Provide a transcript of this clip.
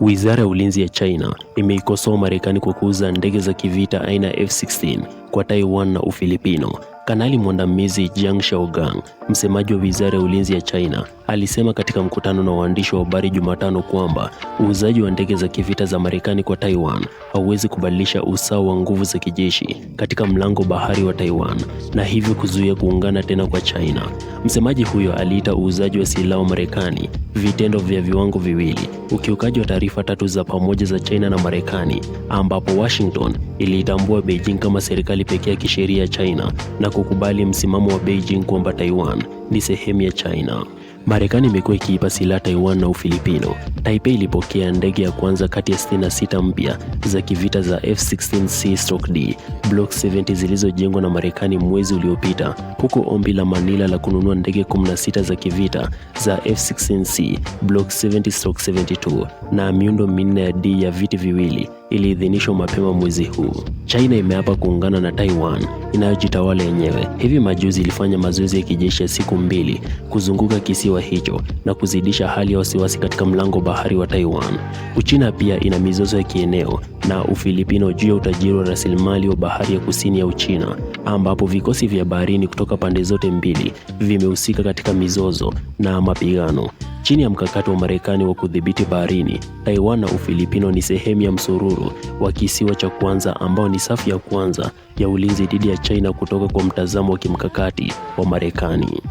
Wizara ya Ulinzi ya China imeikosoa Marekani kwa kuuza ndege za kivita aina F-16 kwa Taiwan na Ufilipino Kanali mwandamizi Jiang Shaogang, msemaji wa wizara ya ulinzi ya China, alisema katika mkutano na waandishi wa habari Jumatano kwamba uuzaji wa ndege za kivita za Marekani kwa Taiwan hauwezi kubadilisha usawa wa nguvu za kijeshi katika mlango bahari wa Taiwan na hivyo kuzuia kuungana tena kwa China. Msemaji huyo aliita uuzaji wa silaha wa Marekani vitendo vya viwango viwili, ukiukaji wa taarifa tatu za pamoja za China na Marekani, ambapo Washington iliitambua Beijing kama serikali pekee ya kisheria ya China na kukubali msimamo wa Beijing kwamba Taiwan ni sehemu ya China. Marekani imekuwa ikiipa silaha Taiwan na Ufilipino. Taipei ilipokea ndege ya kwanza kati ya 66 mpya za kivita za F-16C/D Block 70 zilizojengwa na Marekani mwezi uliopita, huku ombi la Manila la kununua ndege 16 za kivita za F-16C Block 70/72 na miundo minne ya D ya viti viwili iliidhinishwa mapema mwezi huu. China imeapa kuungana na Taiwan inayojitawala yenyewe. Hivi majuzi ilifanya mazoezi ya kijeshi ya siku mbili kuzunguka kisiwa hicho na kuzidisha hali ya wasiwasi katika mlango bahari wa Taiwan. Uchina pia ina mizozo ya kieneo na Ufilipino juu ya utajiri wa rasilimali wa bahari ya kusini ya Uchina, ambapo vikosi vya baharini kutoka pande zote mbili vimehusika katika mizozo na mapigano. Chini ya mkakati wa Marekani wa kudhibiti baharini, Taiwan na Ufilipino ni sehemu ya msururu wa kisiwa cha kwanza ambao ni safu ya kwanza ya ulinzi dhidi ya China kutoka kwa mtazamo wa kimkakati wa Marekani.